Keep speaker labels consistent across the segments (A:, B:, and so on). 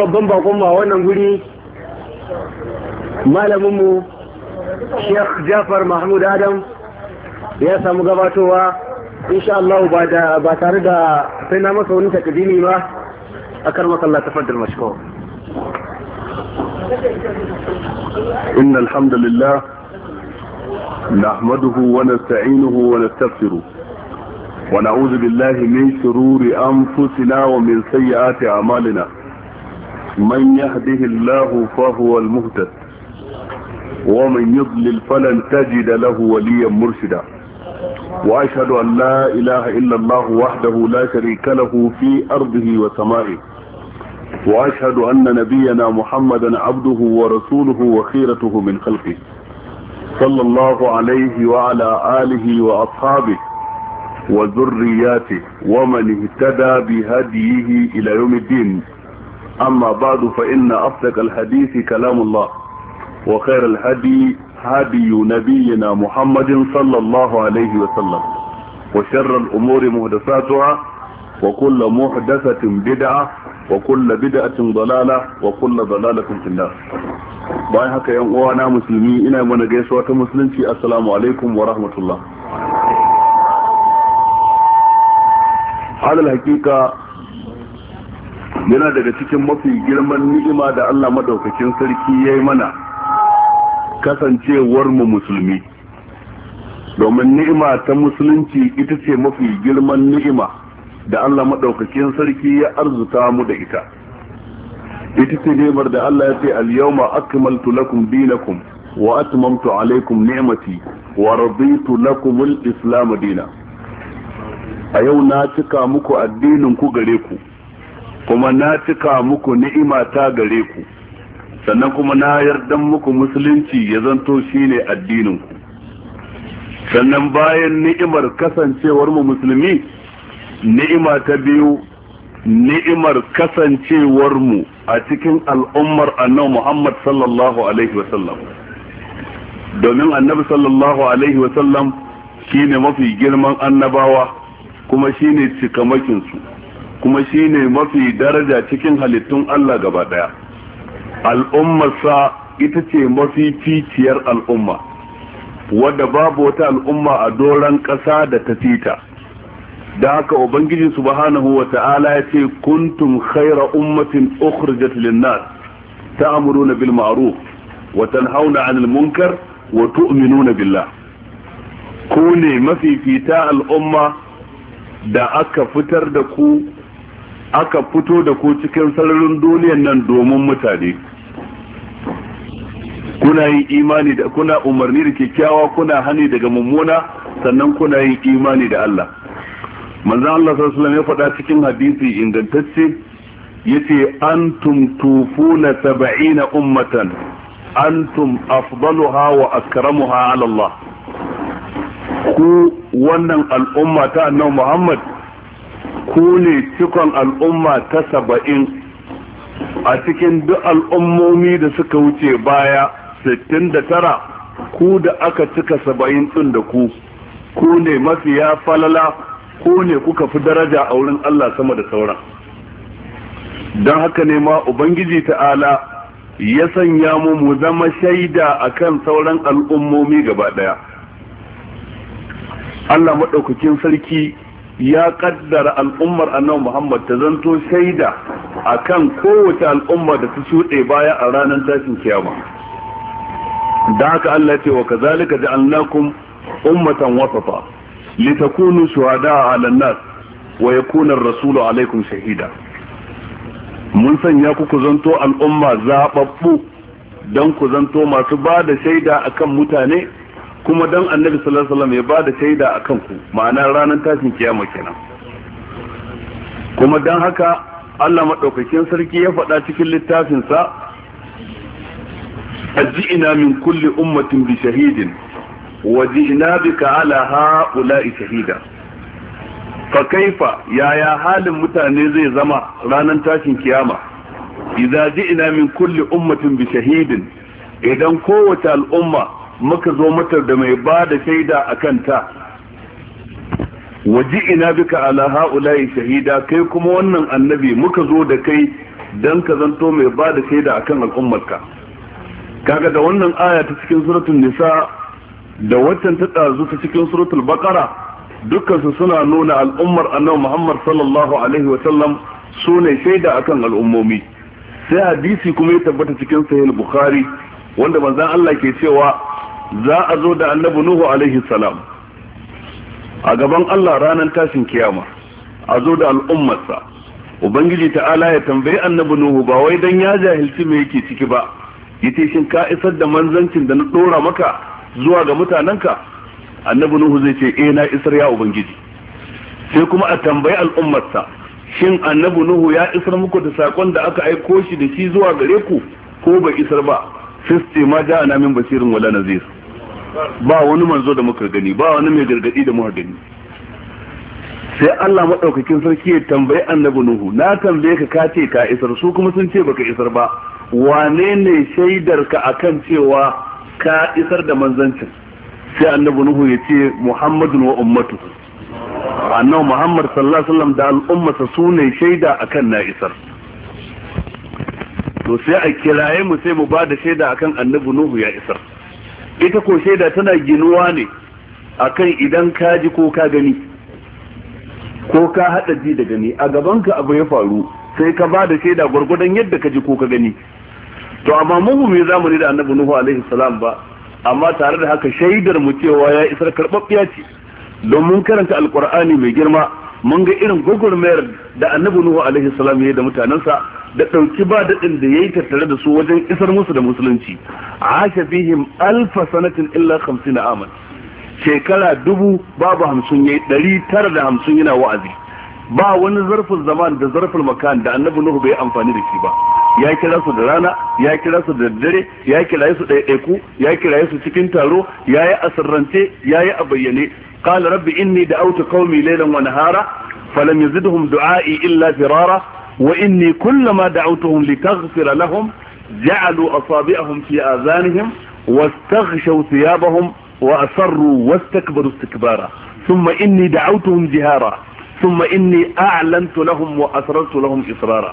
A: babban bakon ma wannan guri malaminmu sheikh jafar mahmud adam ya samu gabatowa insha Allah ba da ba tare da sai na masa wani takdimi ba akar karmaka Allah tafaddal mashko
B: إن الحمد لله نحمده ونستعينه ونستغفره ونعوذ بالله من شرور أنفسنا ومن سيئات أعمالنا من يهده الله فهو المهتد ومن يضلل فلن تجد له وليا مرشدا وأشهد أن لا إله إلا الله وحده لا شريك له في أرضه وسمائه وأشهد أن نبينا محمدا عبده ورسوله وخيرته من خلقه صلى الله عليه وعلى آله وأصحابه وذرياته ومن اهتدى بهديه إلى يوم الدين أما بعد فإن أصدق الحديث كلام الله وخير الهدي هدي نبينا محمد صلى الله عليه وسلم وشر الأمور مهدساتها وكل محدثة بدعة وكل بدعة ضلالة وكل ضلالة في الناس bayan haka yan uwa إنا من جيسوة mana gaisuwa ta musulunci assalamu alaikum wa yana daga cikin mafi girman ni'ima da Allah madaukakin sarki ya yi mana kasancewar mu musulmi domin ni'ima ta musulunci ita ce mafi girman ni'ima da Allah madaukakin sarki ya arzuta mu da ita ita ce ni'imar da Allah ya ce al-yawma akmaltu lakum dinakum wa atmamtu alaykum ni'mati wa raditu lakum al-islam dinan a yau na cika muku addinin ku gare ku kuma na cika muku ni'ima ta gare ku sannan kuma na yarda muku musulunci ya zanto shine addinin ku sannan bayan ni'imar kasancewar mu musulmi ni'ima ta biyu ni'imar kasancewar mu a cikin al'ummar annabi Muhammad sallallahu alaihi wasallam domin annabi sallallahu alaihi wasallam shine mafi girman annabawa kuma shine cikamakin su kuma shine mafi daraja cikin halittun Allah gaba daya al'ummarsa ita ce mafi ficiyar al'umma wadda babu wata al'umma a doron ƙasa da ta fita da haka ubangiji subhanahu wa ta'ala ya ce kuntum khaira ummatin ukhrijat lin-nas ta'muruna bil ma'ruf wa tanhauna 'anil munkar wa tu'minuna billah ku ne mafi fita al'umma da aka fitar da ku aka fito da ku cikin sararin duniyan nan domin mutane kuna yin imani da kuna umarni da kyakkyawa kuna hani daga mummuna sannan kuna yin imani da Allah manzon Allah sallallahu alaihi ya faɗa cikin hadisi ingantacce yace antum tufuna 70 ummatan antum afdaluha wa akramuha ala Allah ku wannan al'umma ta annabi Muhammad ku ne cikon al'umma ta saba'in a cikin duk al'ummomi da suka wuce baya sittin da tara ku da aka cika saba'in ɗin da ku ku ne ya falala ku ne kuka fi daraja a wurin Allah sama da sauran don haka ne ma ubangiji ta'ala ya sanya mu mu zama shaida akan sauran al'ummomi gaba ɗaya Allah maɗaukakin sarki ya kaddara al'ummar annabi Muhammad ta zanto shaida akan kowace al'umma da ta shuɗe baya a ranar tashin kiyama da haka Allah ce wa kazalika ja'alnakum ummatan wasafa litakunu shuhada 'alan nas wa yakuna ar-rasulu 'alaykum shahida mun sanya ku ku zanto al'umma zababbu dan ku zanto masu ba da shaida akan mutane kuma dan annabi sallallahu alaihi wasallam ya bada shaida akan ku ma'ana ranar tashin kiyama kenan kuma dan haka Allah madaukakin sarki ya faɗa cikin littafinsa. sa ajina min kulli ummatin bi shahidin wa ji'na bika ala ha'ula'i shahida fa kaifa yaya halin mutane zai zama ranar tashin kiyama idza ji'na min kulli ummatin bi shahidin idan kowace al'umma muka zo mata da mai ba da shaida a kanta waji ina bika ala ha'ula'i shahida kai kuma wannan annabi muka zo da kai don ka zanto mai ba da shaida akan al'ummarka kaga da wannan aya ta cikin suratul nisa da waccan ta ɗazu ta cikin suratul baqara dukkan su suna nuna al'ummar annabi Muhammad sallallahu alaihi wa sallam sune shaida akan al'ummomi sai hadisi kuma ya tabbata cikin sahih bukhari wanda manzon Allah ke cewa za a zo da annabi nuhu alaihi salam a gaban Allah ranar tashin kiyama a zo da al'ummarsa ubangiji ta'ala ya tambayi annabi nuhu ba wai dan ya jahilci me yake ciki ba yace shin ka isar da manzancin da na dora maka zuwa ga mutanenka annabi nuhu zai ce eh na isar ya ubangiji sai kuma a tambayi al'ummarsa shin annabi nuhu ya isar muku da sakon da aka aiko shi da shi zuwa gare ku ko bai isar ba sai ce ma ja'ana min basirin wala nazir ba wani manzo da muka gani ba wani mai gargadi da muka gani sai Allah madaukakin sarki ya tambayi annabi nuhu na tambaye ka ka ce ka isar su kuma sun ce baka isar ba wane ne shaidar ka akan cewa ka isar da manzanci sai annabi nuhu ya ce muhammadun wa ummatu annabi muhammad sallallahu alaihi wasallam da al'ummarsa su ne shaida akan na isar to sai a kiraye mu sai mu ba da shaida akan annabi nuhu ya isar ita ko shaida tana ginuwa ne akan idan ka ji ko ka gani ko ka hada ji da gani a gabanka abu ya faru sai ka ba da shaida gwargwadon yadda ka ji ko ka gani to amma mu mu zamani da annabi nuhu alaihi salam ba amma tare da haka shaidar mu cewa ya isar karbabbiya ce don mun karanta alkur'ani mai girma mun ga irin gugurmayar da annabi nuhu alaihi salam yayi da mutanansa da dauki ba daɗin da ya yi tattare da su wajen isar musu da musulunci asha bihim alf sanatin illa 50 aman shekara dubu babu hamsin da hamsin yana wa'azi ba wani zarfin zaman da zarfin makan da annabi nuhu bai amfani da shi ba ya kira su da rana ya kira su da dare ya kira su da ɗaiɗaiku ya kira su cikin taro ya yi asirrance ya yi a bayyane qala rabbi inni da'awtu qaumi laylan wa nahara falam yazidhum du'a'i illa firara wa inni kullama da'awtuhum litaghfira lahum ja'alu asabi'ahum fi azanihim واستغشوا ثيابهم وأصروا واستكبروا استكبارا ثم إني دعوتهم جهارا thumma inni a'lantu lahum wa asrartu lahum israra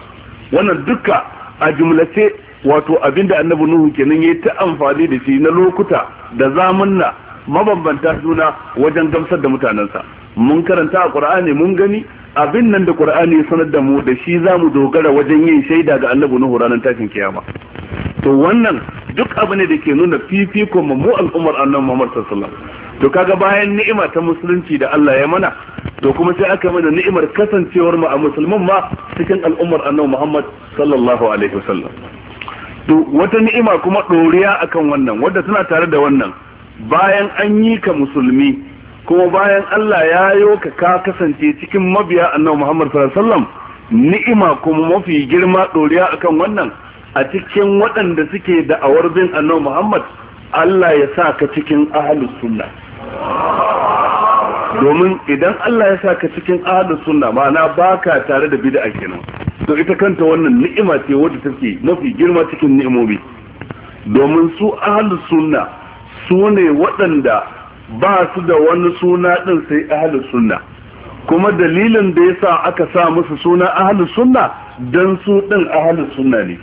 B: wannan duka a jumlace wato abinda annabi nuhu kenan yayi ta amfani da shi na lokuta da zamanna mabambanta juna wajen gamsar da mutanensa mun karanta a qur'ani mun gani abin nan da qur'ani ya sanar da mu da shi zamu dogara wajen yin shaida ga annabi nuhu ranar tashin kiyama to wannan duk abu ne da ke nuna fifikon mu al'ummar annabi Muhammad sallallahu alaihi wasallam to kaga bayan ni'ima ta musulunci da Allah ya mana to kuma sai aka mana ni'imar kasancewar mu a musulmin ma cikin al'ummar annabi Muhammad sallallahu alaihi wasallam to wata ni'ima kuma doriya akan wannan wadda tana tare da wannan bayan an yi ka musulmi kuma bayan Allah ya yo ka ka kasance cikin mabiya annabi Muhammad sallallahu alaihi wasallam ni'ima kuma mafi girma doriya akan wannan a cikin waɗanda suke da awarbin bin annabi Muhammad Allah ya sa ka cikin ahalus sunna domin idan Allah ya sa ka cikin suna, mana ma'ana baka tare da bid'a kenan to ita kanta wannan ni'ima ce wadda take mafi girma cikin ni'imomi domin su ahalus sunna su ne waɗanda ba su da wani suna ɗin sai ahalus sunna kuma dalilin da ya sa aka sa musu suna ahalus sunna don su ɗin ahalus sunna ne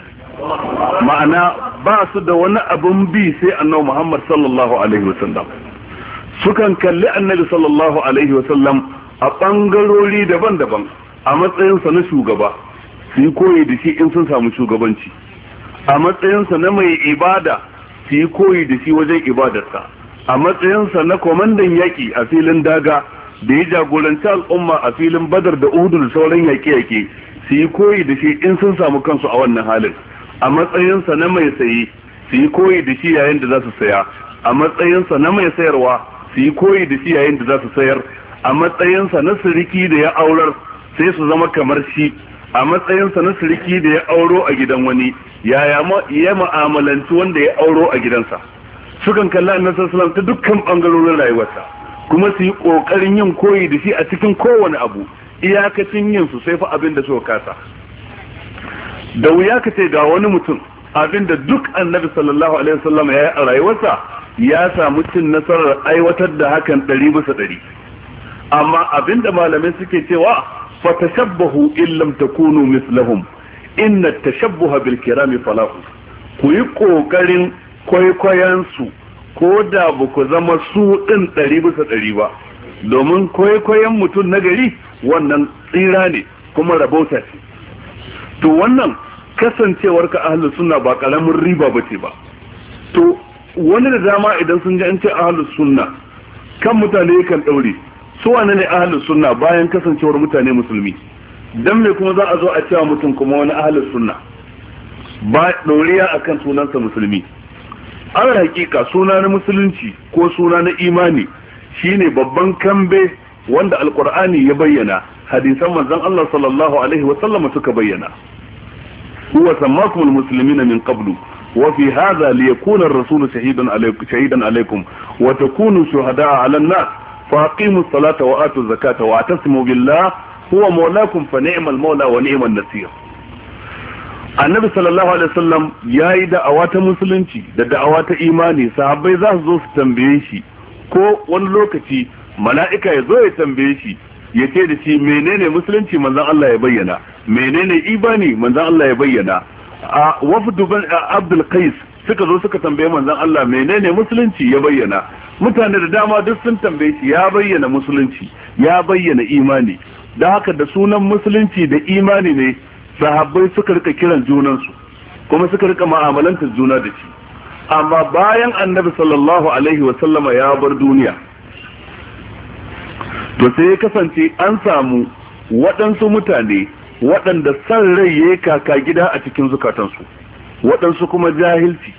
B: ma'ana ba su da wani abin bi sai annabi Muhammad sallallahu alaihi wasallam sukan kalli annabi sallallahu alaihi wasallam a bangarori daban-daban a matsayinsa na shugaba su yi koyi da shi in sun samu shugabanci a matsayinsa na mai ibada su yi koyi da shi wajen ibadarsa a matsayinsa na kwamandan yaƙi a filin daga da ya jagoranci al'umma a filin badar da uhudu da sauran yaƙe-yaƙe su yi koyi da shi in sun samu kansu a wannan halin a matsayinsa na mai sayi su yi koyi da shi yayin da za su saya a matsayinsa na mai sayarwa su yi koyi da shi yayin da za su sayar a matsayinsa na siriki da ya aurar sai su zama kamar shi a matsayinsa na siriki da ya auro a gidan wani yaya ya ma'amalanci wanda ya auro a gidansa sukan kalli na sallallahu ta dukkan bangarorin rayuwarsa kuma su yi kokarin yin koyi da shi a cikin kowane abu iyakacin yin su sai fa abin da suka kasa da wuya ka ce ga wani mutum abinda duk annabi sallallahu alaihi wasallam ya yi a rayuwarsa ya samu cin nasarar aiwatar da hakan ɗari bisa ɗari amma abinda malamai suke cewa fa tashabbahu illam takunu mislahum inna tashabbaha bil kirami falahu ku yi kokarin kwaikwayon su ko da ba ku zama su ɗin ɗari bisa ɗari ba domin kwaikwayon mutum na gari wannan tsira ne kuma rabota ce to wannan kasancewar ka ahalus sunna ba karamin riba ba ce ba to wani da dama idan sun ji an ce ahalus sunna kan mutane kan ɗaure su wane ne ahalus sunna bayan kasancewar mutane musulmi dan me kuma za a zo a cewa mutum kuma wani ahalus sunna ba dauriya akan sunansa musulmi an hakika suna na musulunci ko suna na imani shine babban kambe wanda alkur'ani ya bayyana hadisan manzon Allah sallallahu alaihi wa sallam suka bayyana huwa sammakum almuslimina min qablu wa fi hadha liyakuna ar-rasul shahidan alaykum shahidan alaykum wa takunu shuhada'a 'ala an-nas fa aqimu as-salata wa atu az-zakata wa atasimu billah huwa mawlakum fa ni'mal mawla wa ni'mal nasir annabi sallallahu alaihi wasallam yayi da'awa ta musulunci da da'awa ta imani sahabbai za su zo su tambaye shi ko wani lokaci mala'ika ya zo ya tambaye shi ya ce da shi menene musulunci manzan Allah ya bayyana menene ibani manzan Allah ya bayyana a wafdu ban Abdul Qais suka zo suka tambaye manzan Allah menene musulunci ya bayyana mutane da dama duk sun tambaye shi ya bayyana musulunci ya bayyana imani da haka da sunan musulunci da imani ne sahabbai suka rika kiran junansu kuma suka rika ma'amalanta juna da shi amma bayan annabi sallallahu alaihi ya bar duniya to sai ya kasance an samu waɗansu mutane waɗanda san rai ya yi kaka gida a cikin zukatansu waɗansu kuma jahilci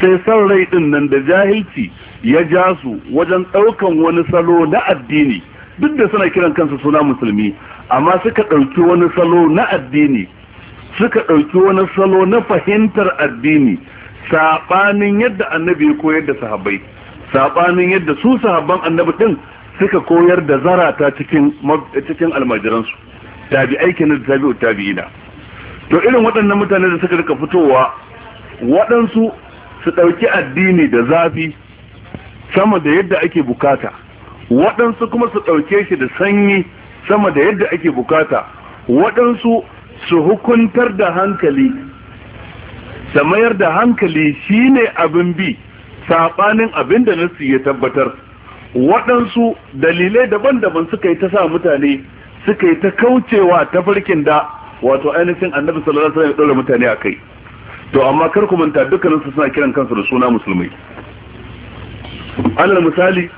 B: sai san rai ɗin nan da jahilci ya ja su wajen ɗaukan wani salo na addini duk da suna kiran kansu suna musulmi amma suka ɗauki wani salo na addini suka ɗauki wani salo na fahimtar addini saɓanin yadda annabi ko yadda da sahabbai saɓanin yadda su sahabban annabi ɗin suka koyar da zarata cikin cikin almajiransu tabi'ai aikin da tabi'u tabi'ina to irin waɗannan mutane da suka rika fitowa waɗansu su ɗauki addini da zafi sama da yadda ake bukata waɗansu kuma su ɗauke shi da sanyi sama da yadda ake bukata waɗansu su hukuntar da hankali da mayar da hankali shine abin bi saɓanin abin da nasu ya tabbatar waɗansu dalilai daban-daban suka yi ta sa mutane suka yi ta kaucewa ta farkin da wato ainihin annabi sallallahu alaihi wasallam ya dora mutane a kai to amma kar ku manta dukkanin su suna kiran kansu da suna musulmai alal misali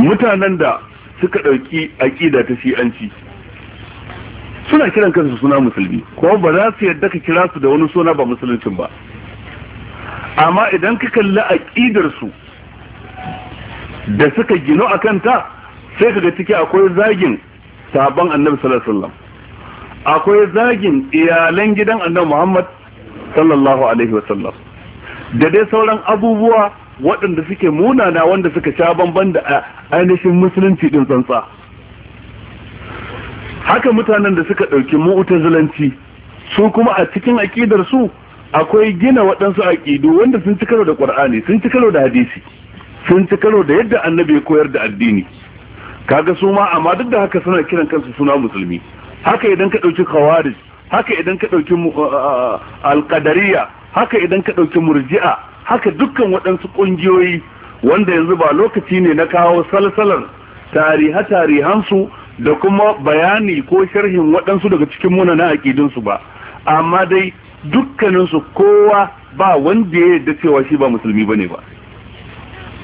B: mutanen da suka ɗauki aƙida ta shi'anci suna kiran kansu suna musulmi kuma ba za su yadda ka kira su da wani suna ba musuluncin ba amma idan ka kalli aƙidar su da suka gino a kanta sai ka ga ciki akwai zagin sabon annabi sallallahu alaihi wasallam akwai zagin iyalan gidan annabi Muhammad sallallahu alaihi wasallam da dai sauran abubuwa waɗanda suke munana wanda suka sha bamban da ainihin musulunci din tsantsa haka mutanen da suka ɗauki mu'tazilanci su kuma a cikin aƙidar su akwai gina waɗansu aƙidu wanda sun ci karo da ƙwar'ani sun ci karo da hadisi sun ci karo da yadda annabi ya koyar da addini kaga su ma amma duk da haka suna kiran kansu suna musulmi haka idan ka ɗauki khawarij haka idan ka ɗauki alƙadariya haka idan ka ɗauki murji'a haka dukkan waɗansu ƙungiyoyi wanda yanzu ba lokaci ne na kawo salsalar tariha tarihansu da kuma bayani ko sharhin waɗansu daga cikin muna na aƙidinsu ba amma dai dukkaninsu kowa ba wanda ya yarda cewa shi ba musulmi ba ne ba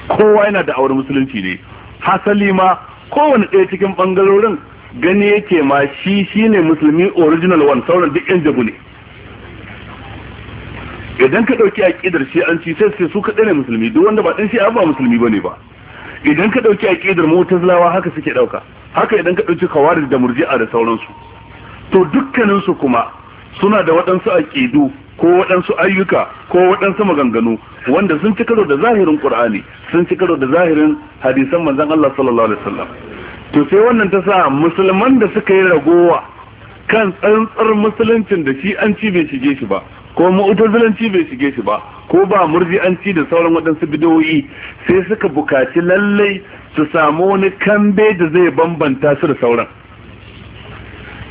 B: kowa yana da auren musulunci ne hasali ma kowane ɗaya cikin ɓangarorin gani yake ma shi shi ne musulmi original one sauran duk yan jabu ne idan ka ɗauki aƙidar shi'anci sai sai su kaɗai ne musulmi duk wanda ba ɗan shi'a ba musulmi ba ne ba idan ka ɗauki aƙidar mutazilawa haka suke ɗauka haka idan ka ɗauki kawaris da murji'a da sauransu to dukkaninsu kuma suna da waɗansu aƙidu ko waɗansu ayyuka ko waɗansu maganganu wanda sun ci karo da zahirin ƙur'ani sun ci karo da zahirin hadisan manzon Allah sallallahu alaihi wasallam to sai wannan ta sa musulman da suka yi ragowa kan tsantsar musuluncin da shi an ci bai shige shi ba ko mu'tazilanci bai shige shi ba ko ba an ci da sauran waɗansu bidoyi sai suka bukaci lallai su samu wani kambe da zai bambanta su da sauran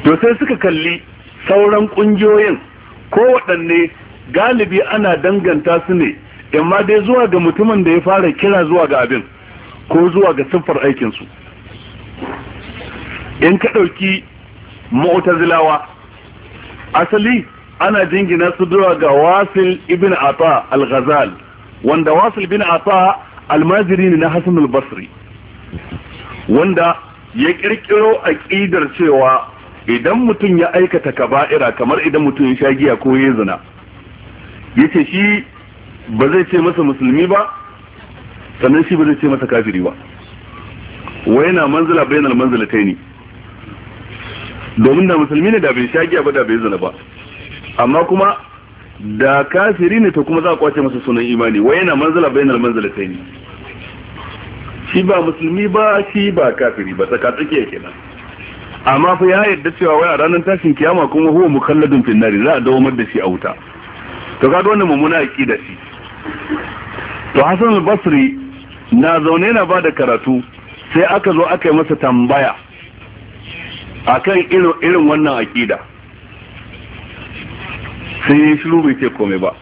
B: to sai suka kalli sauran ƙungiyoyin ko waɗanne galibi ana danganta su ne amma dai zuwa ga mutumin da ya fara kira zuwa ga abin ko zuwa ga siffar aikinsu in ka ɗauki mu'tazilawa asali ana jingina su zuwa ga wasil ibn ata al-ghazal wanda wasil ibn ata almajiri ne na hasan al-basri wanda ya kirkiro aqidar cewa idan mutum ya aikata kaba'ira kamar idan mutum ya sha giya ko ya zina yace shi ba zai ce masa musulmi ba sannan shi ba zai ce masa kafiri ba wa yana manzala bainal manzilatai ne domin da musulmi ne da bai sha giya ba da bai zina ba amma kuma da kafiri ne to kuma za a kwace masa sunan imani wa yana manzila bainal manzilatai ne shi ba musulmi ba shi ba kafiri ba tsaka tsakiya kenan amma fa ya yarda cewa wai a ranar tashin kiyama kuma huwa mukalladun finnari za a dawamar da shi a wuta to ga wannan mummuna aqida shi to Hassan al-Basri na zaune na bada karatu sai aka zo aka yi masa tambaya akan irin irin wannan aqida sai ya shiru bai ce komai ba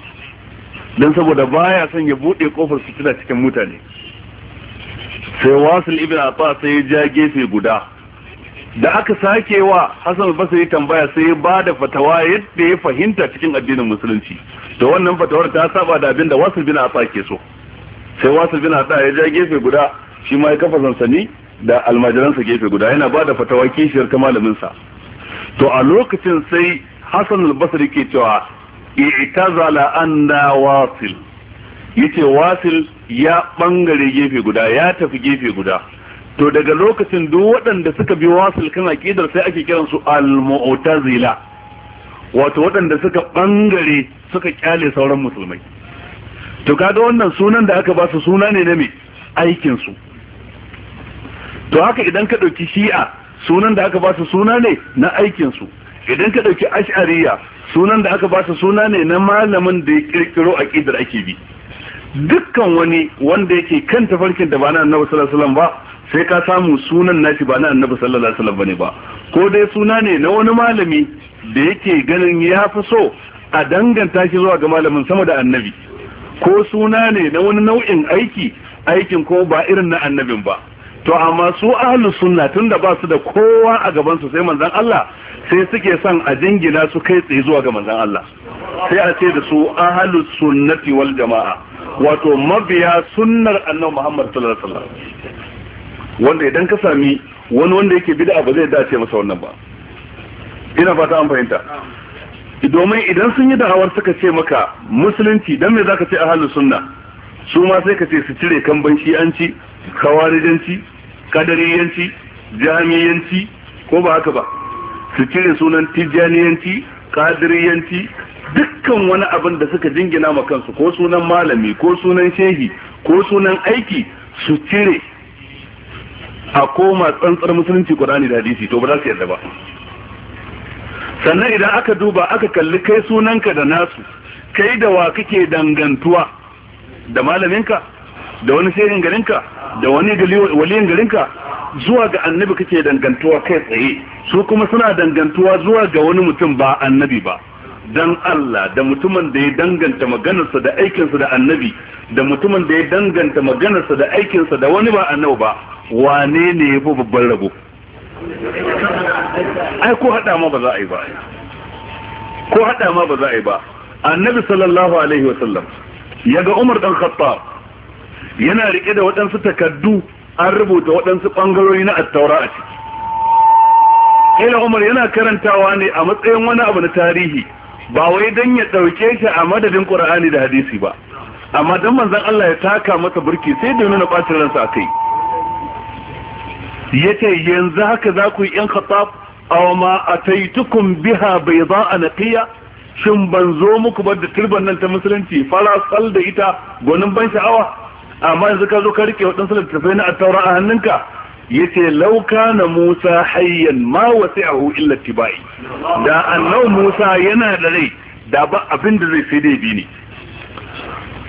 B: dan saboda baya son ya bude kofar fitina cikin mutane sai wasil ibn Atha sai ya ja gefe guda da aka sake wa Hassan Basri tambaya sai ya bada fatawa yadda ya fahimta cikin addinin musulunci to wannan fatawar ta saba da abin da Wasil bin ke so sai Wasil bin Atha ya ja gefe guda shi ma ya kafa sansani da almajiransa gefe guda yana bada fatawa kishiyar ta malamin sa to a lokacin sai Hassan al-Basri ke cewa i'tazala anna Wasil yace Wasil ya bangare gefe guda ya tafi gefe guda to daga lokacin duk waɗanda suka bi wasu kan aqidar sai ake kiran su al-mu'tazila wato waɗanda suka bangare suka kyale sauran musulmai to kaga wannan sunan da aka ba su suna ne na me aikin su to haka idan ka dauki shi'a sunan da aka ba su suna ne na aikin su idan ka dauki ash'ariya sunan da aka ba su suna ne na malamin da ya kirkiro aqidar ake bi dukkan wani wanda yake kan tafarkin da ba na annabi sallallahu alaihi wasallam ba sai ka samu sunan nashi ba na annabi sallallahu alaihi wasallam bane ba ko dai suna ne na wani malami da yake ganin ya fi so a danganta shi zuwa ga malamin sama da annabi ko suna ne na wani nau'in aiki aikin ko ba irin na annabin ba to amma su ahlus sunna tunda ba su da kowa a gaban su sai manzon Allah sai suke son a jingina su kai tsaye zuwa ga manzon Allah sai a ce da su ahlus sunnati wal jama'a wato mabiya sunnar annabi Muhammad sallallahu alaihi wasallam wanda idan ka sami wani wanda yake bid'a ba zai dace masa wannan ba ina fata an fahimta domin idan sun yi da'awar suka ce maka musulunci dan me zaka ce a halin sunna su ma sai ka ce su cire kamban shi'anci kawarijanci kadariyanci jami'yanci ko ba haka ba su cire sunan tijjaniyanci kadiriyanci dukkan wani abin da suka jingina ma kansu ko sunan malami ko sunan shehi ko sunan aiki su cire a koma tsantsar musulunci qur'ani da hadisi to ba za su yarda ba sannan idan aka duba aka kalli kai sunanka da nasu kai da wa kake dangantuwa da malaminka da wani shehin garinka da wani waliyin garinka zuwa ga annabi kake dangantuwa kai tsaye su kuma suna dangantuwa zuwa ga wani mutum ba annabi ba dan Allah da mutumin da ya danganta maganarsa da aikinsa da annabi da mutumin da ya danganta maganarsa da aikinsa da wani ba annabi ba wane ne ya fi babban rabo ai ko hada ma ba za a yi ba ko hada ma ba za a yi ba annabi sallallahu alaihi wa sallam yaga Umar dan Khattab yana rike da waɗansu takaddu an rubuta waɗansu bangarori na at-taura a ciki Ila Umar yana karantawa ne a matsayin wani abu na tarihi ba wai don ya ɗauke shi a madadin ƙura'ani da hadisi ba amma don manzan Allah ya taka masa burki sai da na ɓacin ransa a kai ya ce yanzu haka za ku yi ‘yan khattab a ma a taitukun biha bai za a naƙiya shin ban zo muku ba da turban nan ta musulunci fara sal da ita gwanin ban sha'awa amma yanzu ka zo ka riƙe waɗansu da tafai na taura a hannunka yace lauka na Musa hayyan ma wasi'ahu illa bai da annabi Musa yana da rai da ba abin da zai sai dai bi ne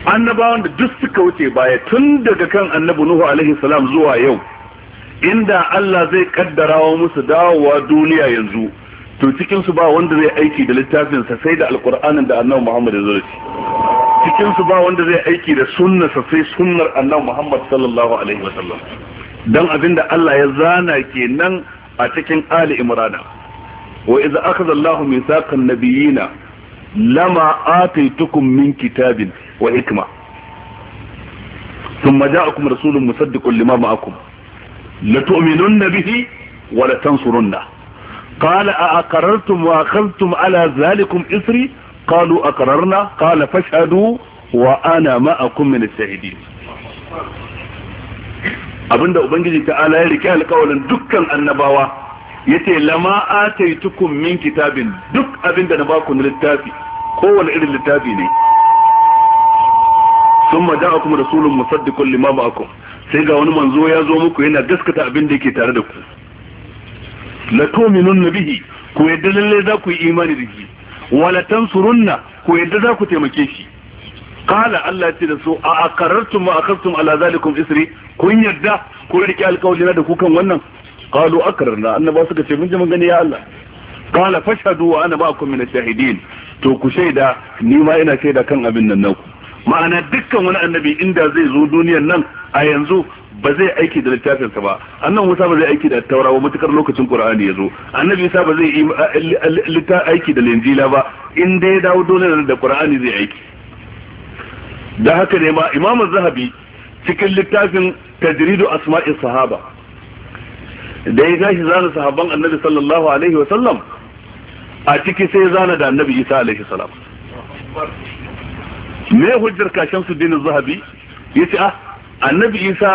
B: annabawan da duk suka wuce baya tun daga kan annabi Nuhu alaihi salam zuwa yau inda Allah zai kaddarawa musu dawowa duniya yanzu to cikinsu ba wanda zai aiki da littafin sa sai da alqur'anin da annabi Muhammad ya zurci cikin su ba wanda zai aiki da sunnar sa sai sunnar annabi Muhammad sallallahu alaihi wasallam don abinda Allah ya zana kenan a cikin Ali Imrana wa idza akhadha Allahu mithaqan nabiyina lama ataitukum min kitabin wa hikma ثم جاءكم رسول مصدق لما معكم لتؤمنن به ولتنصرنه قال أأقررتم وأخذتم على ذلكم إثري قالوا أقررنا قال فاشهدوا وأنا معكم من الشهيدين abinda ubangiji ta'ala ya rike alƙawarin dukkan annabawa ya yace lama ataitukum min kitabin duk abinda na baku na littafi kowane irin littafi ne thumma ja'akum rasulun musaddiqun lima ma'akum sai ga wani manzo ya zo muku yana gaskata abin da yake tare da ku la na bihi ku yadda lalle za ku yi imani da shi wala tansurunna ku yadda za ku taimake shi kala Allah ce da su a aqarrtum ma akhadtum ala zalikum isri kun yadda ko rike riƙe na da kukan wannan qalu aqarrna annaba suka ce mun ji mun gani ya Allah qala fashhadu wa ana ba'akum min ash-shahidin to ku shaida ni ma ina shaida kan abin nan ma'ana dukkan wani annabi inda zai zo duniyar nan a yanzu ba zai aiki da littafinsa ba annan musa ba zai aiki da taurawa matukar lokacin qur'ani ya zo annabi sa ba zai aiki da linjila ba in dai dawo dole da kur'ani zai aiki da haka ne ma imam zahabi cikin littafin tajridu asma'in sahaba da ya tashi zana sahaban annabi sallallahu alaihi wa sallam a ciki sai zana da annabi isa alaihi salam me hujjar kashin su dinin zahabi yace ah annabi isa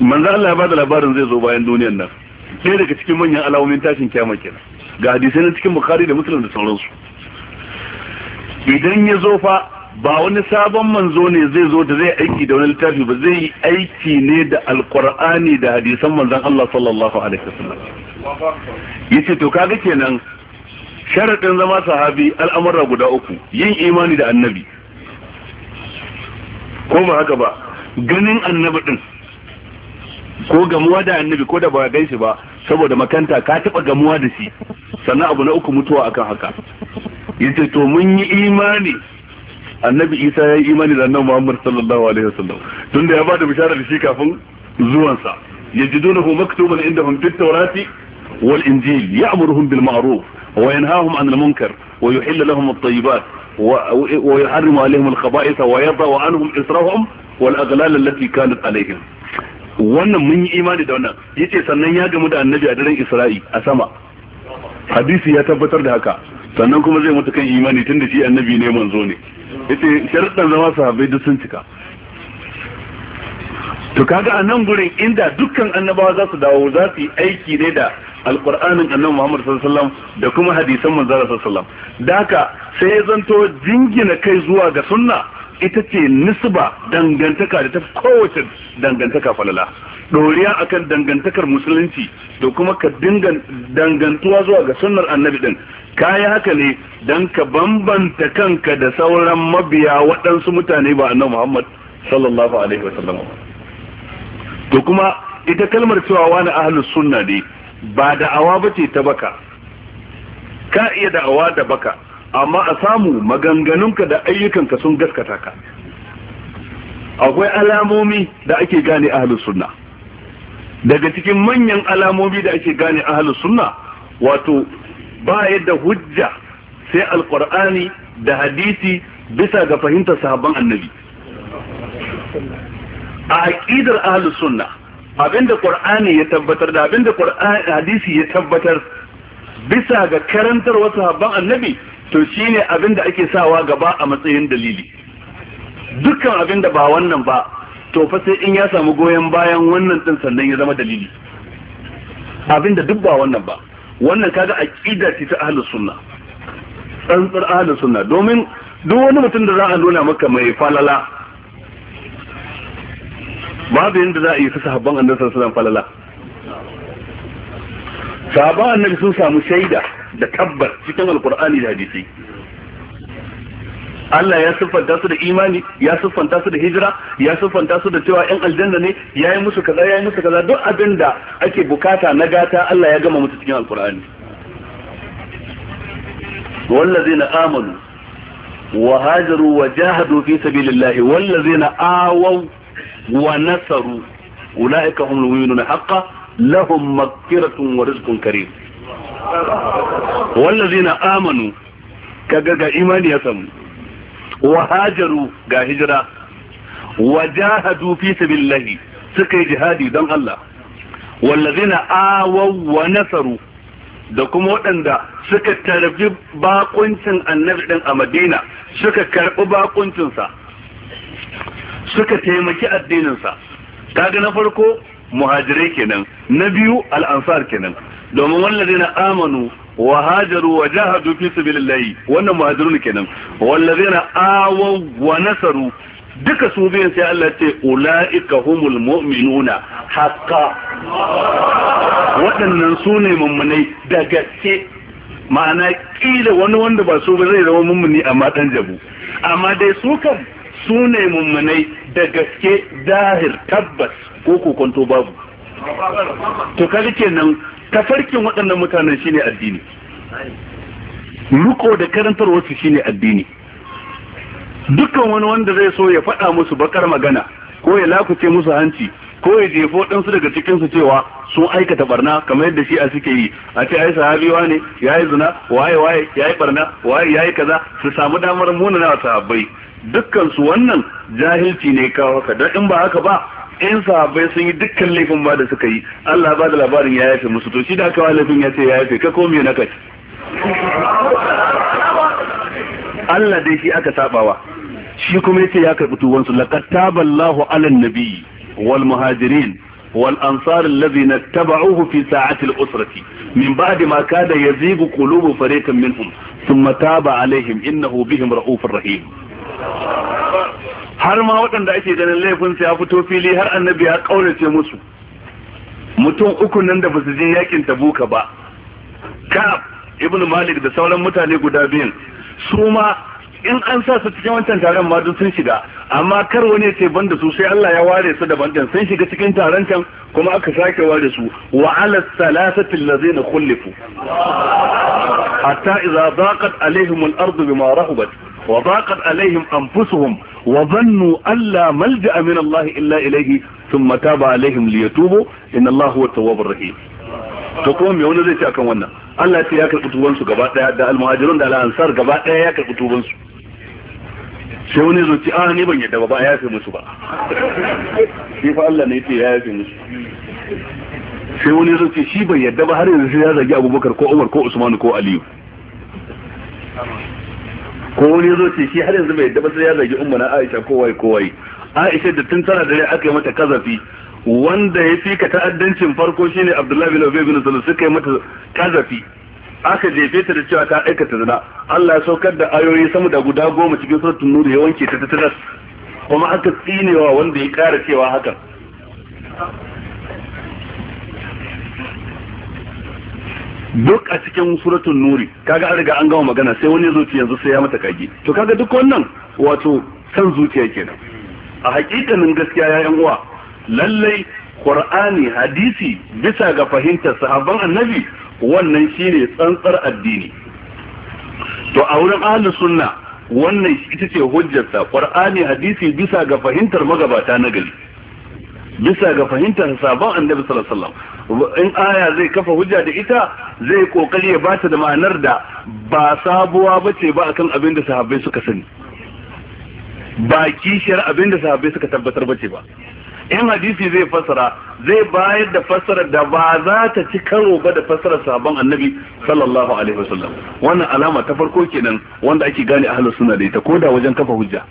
B: manzo Allah ya bada labarin zai zo bayan duniyar nan sai daga cikin manyan alawomin tashin kiyama kenan ga hadisai na cikin bukhari da muslim da sauransu idan ya zo fa ba wani sabon manzo ne zai zo da zai aiki da wani littafi ba zai yi aiki ne da alkur'ani da hadisan manzon Allah sallallahu alaihi
C: wasallam
B: yace to kaga kenan sharadin zama sahabi al'amura guda uku yin imani da annabi ko ba haka ba ganin annabi din ko gamuwa da annabi ko da ba gan shi ba saboda makanta ka taba gamuwa da shi sannan abu na uku mutuwa akan haka yace to mun yi imani annabi isa ya yi imani da annabi muhammad sallallahu alaihi wasallam tunda ya bada bishara da shi kafin zuwansa yajidunahu maktuban indahum fit tawrati wal injil ya'muruhum bil ma'ruf wa yanhahum an al munkar wa yuhillu lahum at-tayyibat wa yuharrimu alaihim al khaba'ith wa yadhu anhum israhum wal aghlal allati kanat alaihim wannan mun yi imani da wannan yace sannan ya gamu da annabi a daren Isra'i a sama hadisi ya tabbatar da haka sannan kuma zai mutu kan imani tunda shi annabi ne manzo ne yace sharuɗan zama sahabbai duk sun cika to kaga a nan gurin inda dukkan annabawa za su dawo za su yi aiki ne da alqur'anin annabi Muhammad sallallahu alaihi wasallam da kuma hadisan manzara sallallahu alaihi wasallam da haka sai ya zanto jingina kai zuwa ga sunna ita ce nisba dangantaka da ta kowace dangantaka falala doriya akan dangantakar musulunci da kuma ka dingan dangantuwa zuwa ga sunnar annabi din kayi haka ne don ka bambanta kanka da sauran mabiya waɗansu mutane ba annabi Muhammad sallallahu alaihi wasallam to kuma ita kalmar cewa wani ahlus sunna ne ba da'awa bace ta baka ka iya da'awa da baka amma a samu maganganunka da ayyukanka sun gaskata ka akwai alamomi da ake gane ahlus sunna daga cikin manyan alamomi da ake gane ahlus sunna wato ba yadda hujja sai alqur'ani da hadisi bisa ga fahimtar sahabban annabi a aqidar ahlus sunna abinda qur'ani ya tabbatar da abinda qur'ani hadisi ya tabbatar bisa ga karantar wasu sahabban annabi to shi ne abin da ake sawa gaba a matsayin dalili dukkan abin da ba wannan ba to fa sai in ya samu goyon bayan wannan din sannan ya zama dalili abin da duk ba wannan ba wannan kaga aqida ce ta ahalus sunna tsantsar ahalus sunna domin duk wani mutum da za a nuna maka mai falala babu yadda za a yi su sahabban annabi sallallahu alaihi wasallam falala sahabban annabi sun samu shaida da tabbas cikin alkur'ani da hadisi Allah ya siffanta su da imani ya siffanta su da hijira ya siffanta su da cewa yan aljanna ne ya yi musu kaza ya yi musu kaza duk abin da ake bukata na gata Allah ya gama musu cikin alkur'ani wallazina amanu wa hajaru wa jahadu fi sabilillahi wallazina awaw wa nasaru ulaika hum al-mu'minuna haqqan lahum maghfiratun wa rizqun karim na amanu kaga ga imani ya samu wa hajaru ga hijira wa jahadu fi sabilillahi suka yi jihadi don Allah wallazina awaw wa nasaru da kuma waɗanda suka tarbi bakuncin annabi ɗin a madina suka karɓi sa suka taimaki addininsa kaga na farko muhajirai kenan na biyu al'ansar kenan domin na amanu wa hajaru wa jahadu fi sabilillahi wannan muhajirun kenan na awaw wa nasaru duka su biyan sai Allah ce ula'ika humul mu'minuna haqqa waɗannan su ne mummunai da gaske ma'ana kila wani wanda ba su ba zai zama mummuni amma dan jabu amma dai su kan su ne mummunai da gaske zahir tabbas ko kokonto babu to kaga kenan tafarkin waɗannan mutanen shine addini riko da karantarwar su shine addini dukkan wani wanda zai so ya faɗa musu bakar magana ko ya lakuce musu hanci ko ya jefo ɗansu daga cikinsu cewa sun aikata barna kamar yadda shi a suke yi a ce ai sahabiwa ne ya yi zina waye waye ya yi barna waye ya yi kaza su samu damar munana sahabbai dukkan su wannan jahilci ne kawo ka, don in ba haka ba in sahabbai sun yi dukkan laifin ba da suka yi Allah ba da labarin ya yafe musu to shi da aka laifin ya ce ya yafe ka kome na kai Allah dai shi aka sabawa shi kuma yace ya karbi tuwansu laqad taballahu ala nabi wal muhajirin wal ansar alladhina tabauhu fi sa'ati al usrati min ba'di ma kada yazigu qulubu fariqin minhum thumma taba alaihim innahu bihim raufur rahim har ma waɗanda ake ganin laifin ya fito fili har annabi ya kaurace musu mutum uku nan da basu je yakin tabuka ba ka ibn malik da sauran mutane guda biyun su ma in an sa su cikin wancan taron ma sun shiga amma kar wani ce ban da su sai Allah ya ware su daban din sun shiga cikin taron can kuma aka sake ware su wa ala salasati allazina khulifu hatta idza daqat alaihim al-ardu bima rahabat wa baqat alaihim anfusuhum wa dhannu alla malja'a min Allah illa ilayhi thumma taba alaihim liyatubu inna Allah huwa tawwabur to kuma me wani zai ce akan wannan Allah ya karɓi tubansu gaba daya da almuhajirun da al gaba ya karɓi tubansu sai wani ban yadda ba ya fi musu ba shi fa Allah ne ya fi musu sai wani shi bai yadda ba har yanzu sai ya zagi Abubakar ko Umar ko Usman ko Aliyu ko wani zo ce shi har yanzu bai da ya zagi umma na Aisha kowai kowai Aisha da tun tana dare aka yi mata kazafi wanda ya fi ka ta'addancin farko shine Abdullahi bin Ubay bin Salul suka yi mata kazafi aka jefe ta da cewa ta aikata zina Allah ya saukar da ayoyi sama da guda goma cikin suratul nur ya wanke ta ta kuma aka tsinewa wanda ya kara cewa haka duk a cikin suratun nuri kaga an riga an gama magana sai wani zuciya yanzu sai ya mata kage to kaga duk wannan wato san zuciya kenan a hakikanin gaskiya ya yan uwa lallai qur'ani hadisi bisa ga fahimtar sahabban annabi wannan shine tsantsar addini to a wurin ahlus sunna wannan ita ce hujjarsa qur'ani hadisi bisa ga fahimtar magabata na gari bisa ga fahimtar sabon annabi sallallahu alaihi wasallam in aya zai kafa hujja da ita zai kokari ya bata da ma'anar da ba sabuwa bace ba akan abin da sahabbai suka sani ba kishiyar abin da sahabbai suka tabbatar bace ba in hadisi zai fassara zai bayar da fassarar da ba za ta ci karo ba da fassarar sabon annabi sallallahu alaihi wasallam wannan alama ta farko kenan wanda ake gane ahlus sunna da ita koda wajen kafa hujja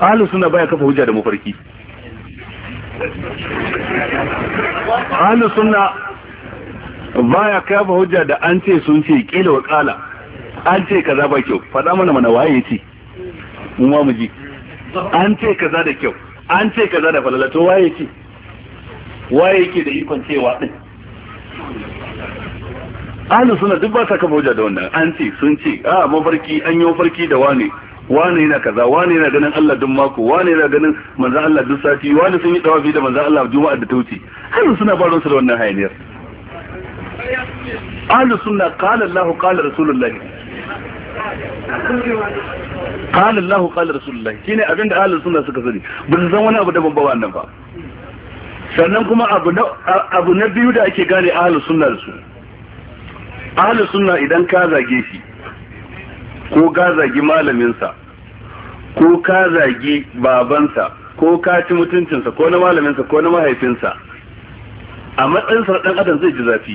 B: ahlus sunna baya kafa hujja da mafarki ahalus ba baya kafa hujja da an ce sun ce kila wa kala an ce kaza ba kyau faɗa mana mana waye ce Umar mu ji an ce kaza da kyau an ce kaza da falalato to waye ce waye ke da ikon cewa ɗin? ahalus suna duk ba sa kafa hujja da wannan an ce sun ce a ah, mafarki an yi mafarki da wane wani yana kaza wani yana ganin Allah duk mako wani yana ganin manzon Allah duk sati wani sun yi dawafi da manzon Allah juma'a da ta wuce har suna baron su da wannan hayaniyar ahlus sunna qala Allah qala rasulullahi qala Allah qala rasulullahi shine abinda ahlus sunna suka sani ba su san wani abu daban ba wannan ba sannan kuma abu na abu na biyu da ake gane ahlus sunna da su ahlus sunna idan ka zage shi ko ka zagi malaminsa ko ka zagi babansa ko ka ci mutuncinsa ko na malaminsa ko na mahaifinsa a matsayinsa ɗan adam zai ji zafi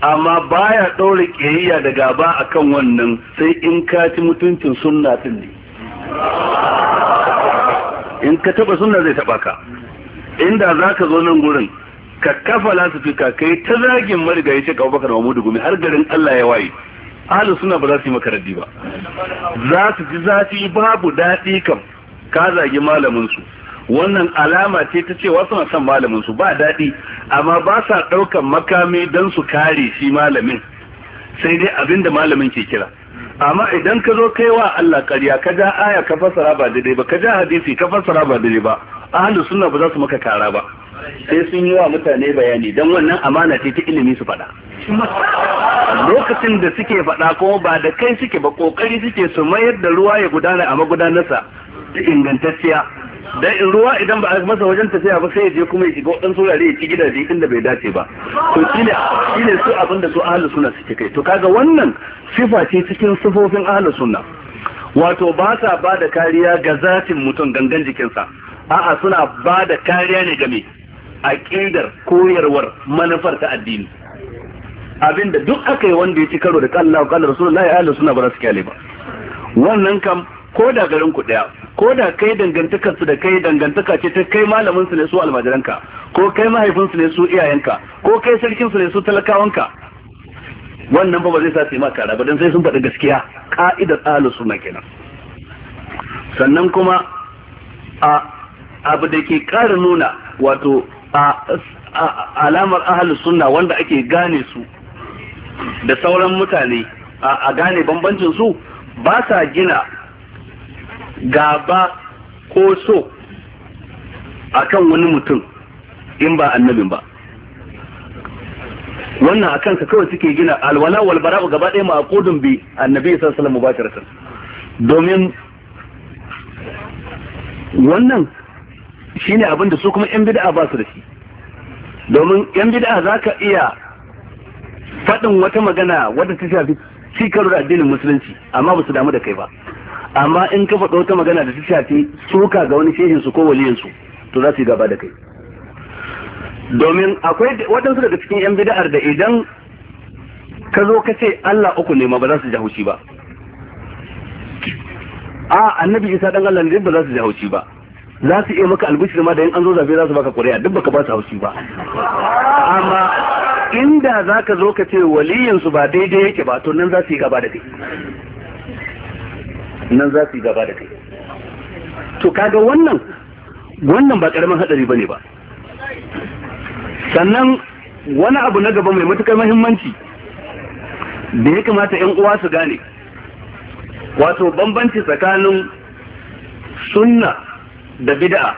B: amma baya ɗaura ƙiyayya da gaba a kan wannan sai in ka ci mutuncin sunna ɗin ne in ka taɓa sunna zai taɓa ka inda za ka zo nan gurin ka kafa lasifika kai ta zagin marigayi ce ka na mamudu gumi har garin allah ya waye ahalin suna ba za su yi maka ba za su ji zafi babu daɗi kam ka zagi malaminsu wannan alama ce ta cewa suna son malaminsu ba daɗi amma ba sa ɗaukan makami don su kare shi malamin sai dai abin da malamin ke kira amma idan ka zo kai wa Allah ƙarya ka ja aya ka fassara ba daidai ba ka ja hadisi ka fassara ba daidai ba ahalin suna ba za su maka kara ba sai sun yi wa mutane bayani don
A: wannan amana ce ta ilimi su faɗa lokacin da suke faɗa kuma ba da kai suke ba kokari suke su mayar da ruwa ya gudana a magudanarsa da ingantacciya dan ruwa idan ba a masa wajen tafiya ba sai ya je kuma ya shiga wadan saurare ya ci gidaje inda bai dace ba to shine shine su abin da su ahlus sunna suke kai to kaga wannan sifa ce cikin sifofin ahlus sunna wato ba sa ba da kariya ga zatin mutum gangan jikinsa a'a suna ba da kariya ne ga me aqidar koyarwar manufar ta addini abinda duk aka yi wanda ya ci karo da kallahu kallar rasulullahi ahli sunna ba za su kyale ba wannan kam ko da garin ku daya ko da kai dangantakar su da kai dangantaka ce ta kai malamin su ne su almajiranka ko kai mahaifin su ne su iyayenka ko kai sarkin su ne su talakawanka wannan ba ba zai sa su yi maka da ba dan sai sun faɗi gaskiya ka'idar ahlus sunna kenan sannan kuma a abu da ke ƙara nuna wato alamar ahalus suna wanda ake gane su da sauran mutane a gane bambancin su ba sa gina gaba ko so a kan wani mutum in ba annabin ba wannan a kan kawai suke gina alwala walbara ba gaba ɗaya ma'aqudun bi annabi mu ba wasallam mubasharatan domin wannan shine abin da su kuma yan bid'a ba su da shi domin yan bid'a za ka iya faɗin wata magana wadda ta shafi ci karo da addinin musulunci amma ba su damu da kai ba amma in ka faɗo wata magana da ta shafi suka ga wani shehin su ko waliyin su to za su yi gaba da kai domin akwai waɗansu daga cikin yan bid'ar da idan ka zo ka ce Allah uku ne ma ba za su ji haushi ba a annabi isa dan Allah ne ba za su ji haushi ba za su iya maka albishir ma da yin an zo zabe za su baka kuria duk baka ba su haushi ba amma inda za ka zo ka ce waliyin su ba daidai yake ba to nan za su yi gaba da kai nan za su yi gaba da kai to kaga wannan wannan ba karamin hadari bane ba sannan wani abu na gaba mai matukar muhimmanci da ya kamata yan uwa su gane wato bambanci tsakanin sunna da bid'a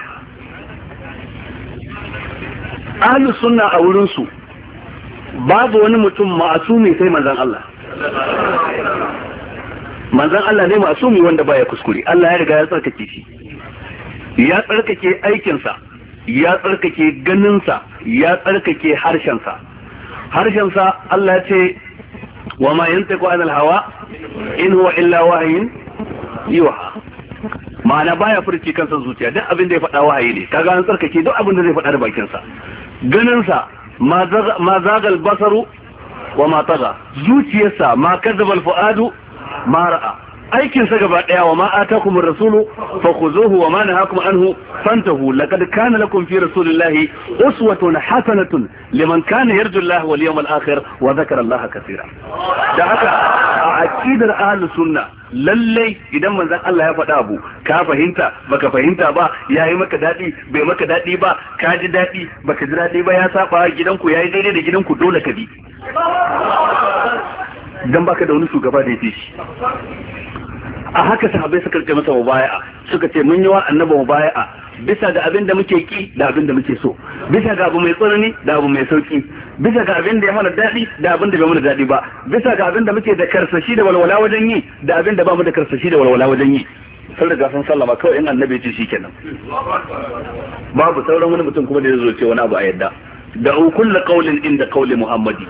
A: ahlus sunna a wurin su babu wani mutum ma'asumi sai manzon Allah manzon Allah ne ma'asumi wanda baya kuskure Allah ya riga ya tsarkake shi ya tsarkake aikinsa ya tsarkake ganinsa ya tsarkake harshensa harshensa Allah ya ce wa ma yantiqu anil hawa in huwa illa wahyin yuha ma'ana baya furci kansa zuciya duk abin da ya faɗa wahayi ne kaga an tsarkake duk abin da zai faɗa da bakinsa ganinsa ma zagal basaru wa ma taga zuciyarsa ma kadzabal fuadu
B: ma ra'a aikinsa gaba ɗaya wa ma atakumur rasulu fakhuzuhu wa ma nahakum anhu fantahu laqad kana lakum fi rasulillahi uswatun hasanatun liman
A: kana yarju Allah wal yawmal akhir wa dhakara Allah kaseera da haka a aqidar ahlus sunna lalle idan manzon Allah ya faɗa abu ka fahimta baka fahimta ba yayi maka dadi bai maka dadi ba ka ji dadi baka ji dadi ba ya saba gidanku yayi daidai da gidanku dole ka bi dan baka da wani shugaba da yake shi a haka sahabbai suka rike masa mubaya'a suka ce mun yi wa annaba mubaya'a bisa ga abin da muke ki da abin da muke so bisa ga abu mai tsanani da abu mai sauki bisa ga abin da ya mana daɗi da abin da bai mana daɗi ba bisa ga abin da muke da karsashi da walwala wajen yi da abin da ba mu da karsashi da walwala wajen yi sun riga sun sallama kawai in annabi ce shikenan babu sauran wani mutum kuma da ya zo ce wani abu a yadda da da'u kullu qawlin inda qawli muhammadi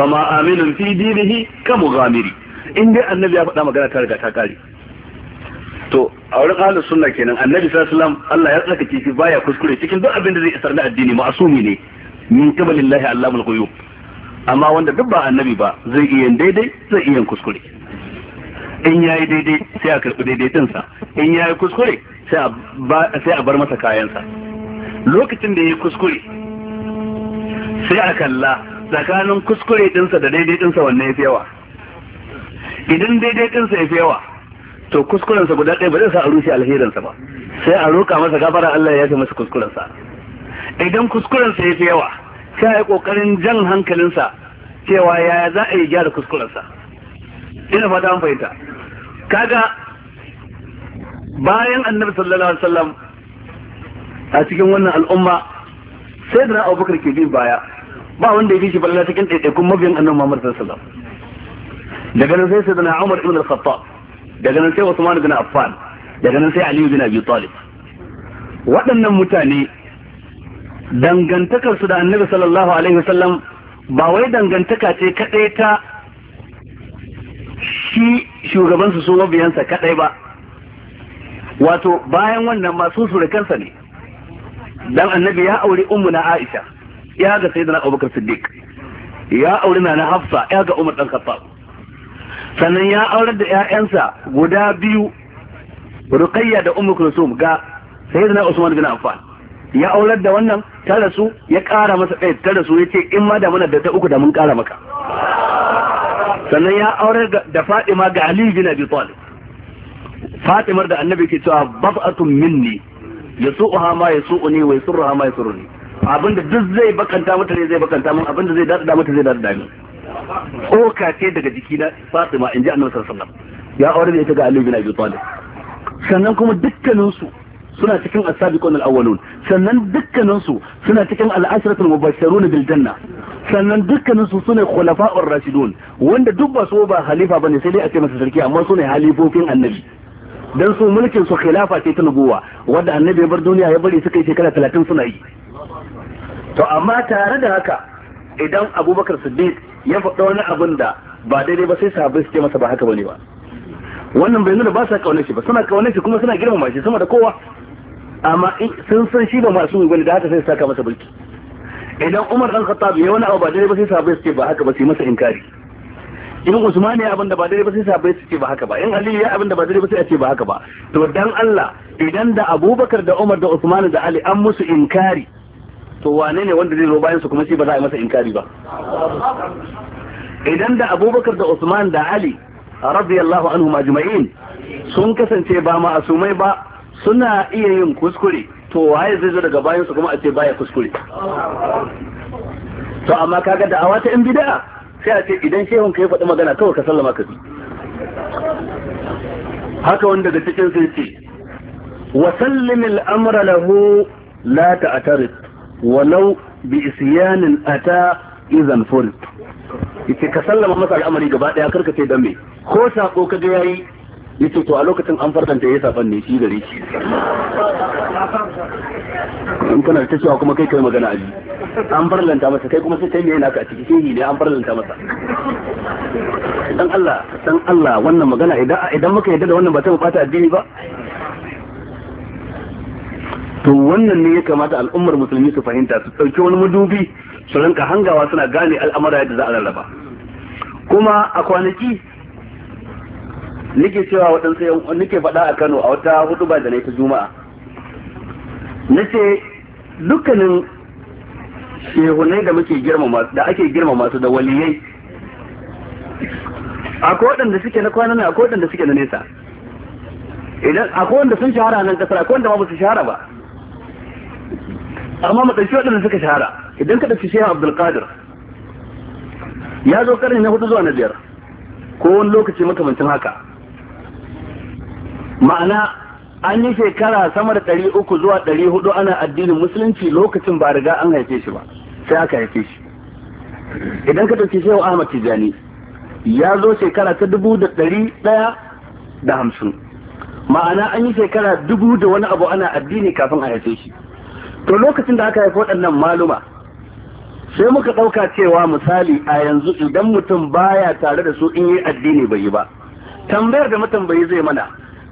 A: fama aminun fi dinihi ka mughamiri in dai annabi ya faɗa magana ta riga ta kare to a wurin ahlus sunna kenan annabi sallallahu alaihi wasallam Allah ya tsaka kifi baya kuskure cikin duk abin da zai isar da addini ma'asumi ne min qibalillahi allamul ghuyub amma wanda duk ba annabi ba zai iya daidai zai iya kuskure in yayi daidai sai a karbi daidai sa in yayi kuskure sai a bar masa kayansa lokacin da yayi kuskure sai a kalla tsakanin kuskure dinsa da daidai daidaitinsa wanne ya fi yawa idan daidai daidaitinsa ya fi yawa to kuskurensa guda ɗaya ba zai sa a rushe alherinsa ba sai a roƙa masa gafara Allah ya yafe masa kuskurensa idan kuskurensa ya fi yawa sai a yi ƙoƙarin jan hankalinsa cewa yaya za a yi gyara kuskurensa ina fata an fahimta kaga bayan annabi sallallahu alaihi wasallam a cikin wannan al'umma sai da Abubakar ke bin baya ba wanda ya fi shi balla cikin ɗaiɗaikun mabiyan annabi Muhammad sallallahu alaihi wasallam daga nan sai sai da Umar ibn al-Khattab daga nan sai Usman bin Affan daga nan sai Ali bin Abi Talib waɗannan mutane dangantakar su da Annabi sallallahu alaihi wasallam ba wai dangantaka ce kadai ta shi shugaban su su biyansa kadai ba wato bayan wannan masu kansa ne dan annabi ya aure ummu na Aisha ya ga sayyidina Abubakar Siddiq ya aure na Hafsa ya ga Umar dan Khattab sannan ya aurar da 'ya'yansa guda biyu rukayya da umar kulsum ga sai na usman bin affan ya aurar da wannan tara su ya kara masa ɗaya tara su ya ce in ma da mana da ta uku da mun kara maka sannan ya aurar da fatima ga ali bin abi talib fatimar da annabi ke cewa baf'atun minni yasu'uha ma yasu'uni wa yasurruha ma yasurruni abinda duk zai bakanta mata ne zai bakanta mun abinda zai dada mata zai dada mun tsoka ce daga jikina fatima in ji annabi sallallahu ya aure da ita ga Ali bin Abi Talib sannan kuma dukkaninsu suna cikin as-sabiqun al-awwalun sannan dukkaninsu suna cikin al-ashratul mubashshirun bil janna sannan dukkaninsu sune khulafa'ur rashidun wanda duk ba su ba halifa bane sai dai a ce masa sarki amma sune halifofin annabi dan su mulkin su khilafa ce ta nubuwa wanda annabi ya bar duniya ya bari suka yi shekara 30 suna yi to amma tare da haka idan abubakar siddiq ya faɗa wani abin da ba daidai ba sai sahabbai su ce masa ba haka bane ba wannan bai nuna ba sa kaunar shi ba suna kaunar shi kuma suna girmama shi sama da kowa amma sun san shi ba masu gwani da haka sai saka masa bulki idan Umar dan Khattab ya wani abu ba daidai ba sai sahabbai su ce ba haka ba sai masa inkari in Usman ya abinda ba daidai ba sai sahabbai su ce ba haka ba in Ali ya abinda ba daidai ba sai a ce ba haka ba to dan Allah idan da Abubakar da Umar da Usman da Ali an musu inkari to wane ne wanda zai zo bayan su kuma shi ba za a yi masa inkari ba idan da abubakar da usman da ali radiyallahu anhu majma'in sun kasance ba ma'asumai ba suna iya yin kuskure to waye zai zo daga bayan su kuma a ce baya kuskure to amma kaga da awa ta in bid'a sai a ce idan shehun ka faɗi magana kawai ka sallama ka bi haka wanda daga cikin sai ce wa sallimil amra lahu la ta'tarif walau bi isyanin ata izan furid yace ka sallama masa al'amari gaba daya ka ce dan me ko sako ka ga yayi yace to a lokacin an farkanta yayi saban ne shi gare shi in kana ta cewa kuma kai kai magana aji an farlanta masa kai kuma sai kai me yana ka a ciki shehi ne an farlanta masa dan Allah dan Allah wannan magana idan idan muka yadda da wannan ba ta bata addini ba to wannan ne ya kamata al'ummar musulmi su fahimta su ɗauki wani madubi su ranka hangawa suna gane al'amara yadda za a rarraba kuma a kwanaki nake cewa waɗansu nake faɗa a kano a wata hudu ba da na ta juma'a na ce dukkanin shehunai da muke girmama da ake girmama su da waliyai akwai waɗanda suke na kwanan akwai waɗanda suke na nesa idan akwai wanda sun shahara nan kasar akwai wanda ba su shahara ba amma mu ɗauki waɗanda suka shahara idan ka ɗauki Abdul abdulkadir ya zo karni na hudu zuwa na biyar ko wani lokaci makamancin haka ma'ana an yi shekara sama da ɗari uku zuwa ɗari hudu ana addinin musulunci lokacin ba riga an haife shi ba sai aka haife shi idan ka ɗauki shehu ahmad tijani ya zo shekara ta dubu da ɗari ɗaya da hamsin ma'ana an yi shekara dubu da wani abu ana addini kafin a haife shi to lokacin da aka haifi waɗannan maluma sai muka ɗauka cewa misali a yanzu idan mutum baya tare da su in yi addini bai yi ba tambayar da matambayi zai mana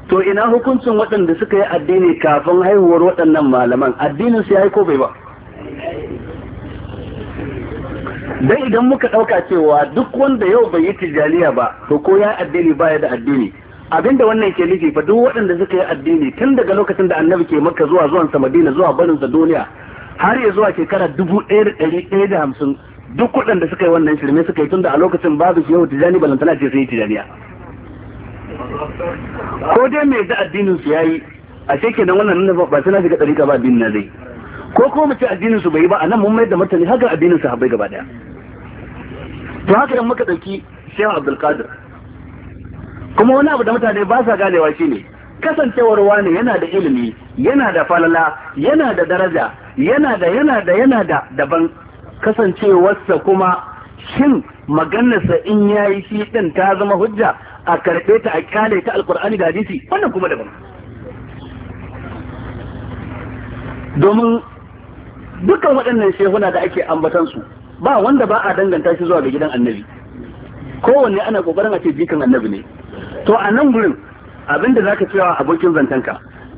A: to ina hukuncin waɗanda suka yi addini kafin haihuwar waɗannan malaman addinin su ya ko bai ba dan idan muka ɗauka cewa duk wanda yau bai yi tijaniya ba to ko ya addini baya da addini abinda wannan ke nufi fa duk waɗanda suka yi addini tun daga lokacin da annabi ke maka zuwa zuwan sa madina zuwa barin sa duniya har ya zuwa shekara dubu ɗaya da ɗari ɗaya da hamsin duk waɗanda suka yi wannan shirme suka yi tun da a lokacin babu shi yau tijani balantana ce sai tijaniya ko dai mai da addinin su yayi a nan wannan nan ba suna na shiga ɗariƙa ba addinin na zai ko kuma mu ce addinin su bai yi ba a nan mun mayar da martani haka addinin sahabbai gaba ɗaya to haka nan muka ɗauki shehu abdulkadir kuma wani abu da mutane ba sa ganewa shine kasancewar wani yana da ilimi yana da falala yana da daraja yana da yana da yana da daban kasancewarsa kuma shin maganarsa in yayi shi din ta zama hujja a karɓe ta a kyale ta alkur'ani da hadisi wannan kuma daban domin dukkan waɗannan shehuna da ake ambatansu ba wanda ba a danganta shi zuwa ga gidan annabi kowanne ana ƙoƙarin a ce jikan annabi ne to a nan gurin abinda zaka cewa abokin zantanka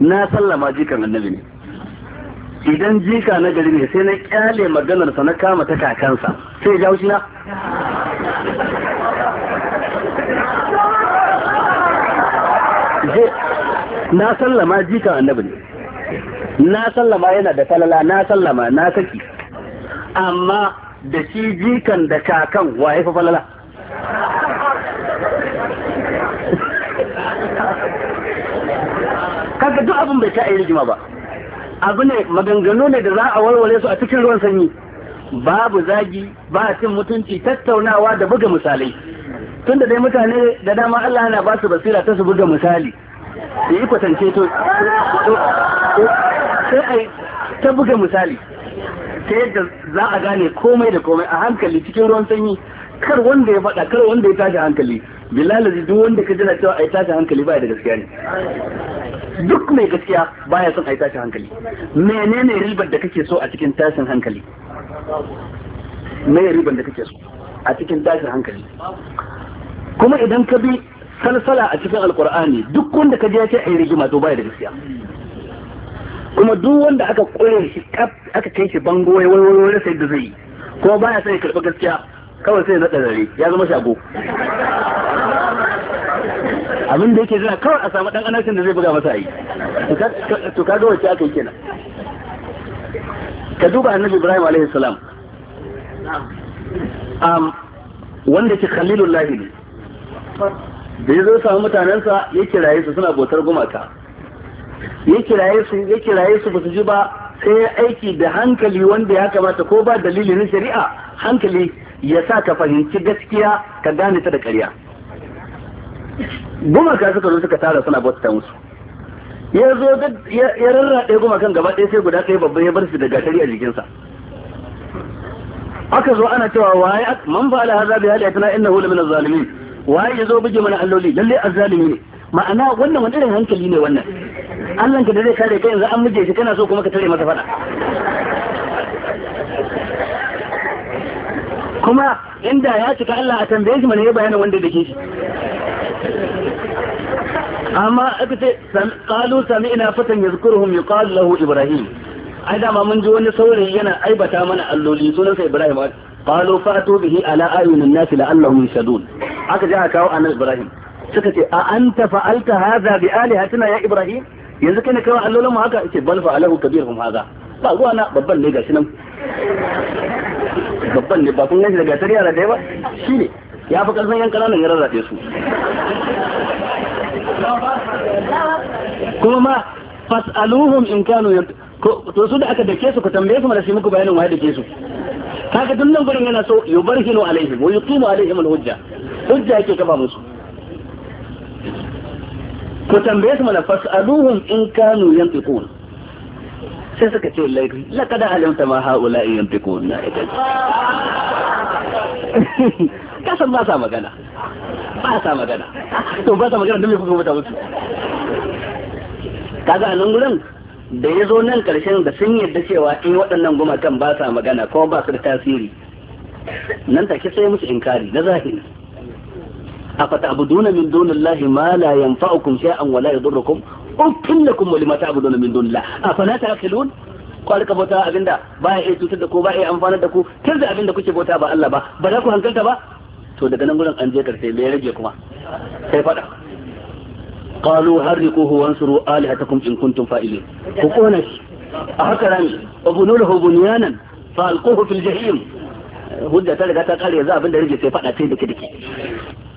A: na sallama jikan annabi ne idan jika na gari ne sai na kyale maganarsa na kama ta kakansa sai ya na na sallama jikan annabi ne na sallama yana da falala na sallama na saki amma da shi jikan da kakan wa haifa falala abin bai ta a yi rigima ba abu ne maganganu ne da za a warware su a cikin ruwan sanyi babu zagi ba cin mutunci tattaunawa da buga misalai tunda dai mutane da dama Allah yana ba su basira ta su buga misali ya yi kwatance to sai ta buga misali ta yadda za a gane komai da komai a hankali cikin ruwan sanyi kar wanda ya faɗa kar wanda ya tashi hankali bilal duk wanda ka jira cewa yi tashi hankali ba da gaskiya ne duk mai gaskiya baya son a yi tashin hankali menene ribar da kake so a cikin tashin hankali Menene ribar da kake so a cikin tashin hankali kuma idan ka bi salsala a cikin alkur'ani duk wanda ka ji ya ce a yi rigima to baya da gaskiya kuma duk wanda aka kore shi aka kai shi bango wai wai wai sai da zai ko baya sai ya karɓi gaskiya kawai sai naɗa zare ya zama shago abin da yake jira kawai a samu ɗan anarkin da zai buga masa yi. to kaga wacce aka yi kenan ka duba annabi ibrahim alaihi salam um, wanda ke khalilullahi ne da ya zo samu mutanensa ya kiraye su suna bautar gumaka ya kiraye su ya kiraye su ba su ji ba sai ya aiki da hankali wanda ya kamata ko ba dalili na shari'a hankali ya sa ka fahimci gaskiya ka gane ta da ƙarya gumaka suka zo suka tara suna bauta musu ya zo ya rarraɗe gumakan gaba ɗaya sai guda ɗaya babban ya bar su da gatari a jikinsa aka zo ana cewa waye man ba ala halayya bi halatina innahu lamin zalimin waye ya zo buge mana alloli lalle azzalimi ne ma'ana wannan wani irin hankali ne wannan Allah ka da zai kare kai yanzu an muje shi kana so kuma ka tare masa fada kuma inda ya cika Allah a tambaye shi mana ya bayana wanda da ke shi amma aka ce kalu sami ina fatan ya zukurhum ya kalu lahu ibrahim ai ma mun ji wani saurayi yana aibata mana alloli sunansa ibrahim kalu fatu bihi ala ayunin nasi la'allahum yashadun aka ji aka kawo anan ibrahim suka ce a anta fa'alta hadha bi alihatina ya ibrahim yanzu kai ne kawo allolin mu haka ce bal fa'alahu kabirhum hadha ba ruwa na babban ne gashi nan babban ne ba kun ganshi da gasar yara da ba shi ne ya fi karfin yan kananan ya rafe su kuma ma fas'aluhum in kanu to su da aka dake su ku tambaye su mana sai muku bayanin waye dake su kaga duk nan gurin yana so yubarhinu alaihi wa yuqimu alaihi alhujja hujja yake kafa musu ku tambaye su mana fas'aluhum in kanu yantiquna sai suka ce wallahi laqad alimta ma haula in yantiquna ita kasan ba sa magana ba sa magana to ba sa magana don kuka mutu musu kaga a nan gudan da ya zo nan karshen da sun yarda cewa in eh waɗannan gumakan ba sa magana kuma ba su da tasiri nan ta take sai musu inkari na zahiri duna min lahi ma la yanfa'ukum shay'an wala la yadurrukum uffin lakum wa lima ta'buduna min dunillah afala ta'qilun ku ka bauta abinda ba ya iya cutar da ku ba iya amfanar da ku tar abinda kuke bauta ba Allah ba ba za ku hankalta ba to daga nan gurin an je karshe me rage kuma sai fada qalu harriquhu wansuru alihatakum in kuntum fa'ilin ku kona shi a haka rami ubunuluhu bunyanan fa alquhu fil jahim hujja ta riga ta kare za abinda rage sai fada sai dake dake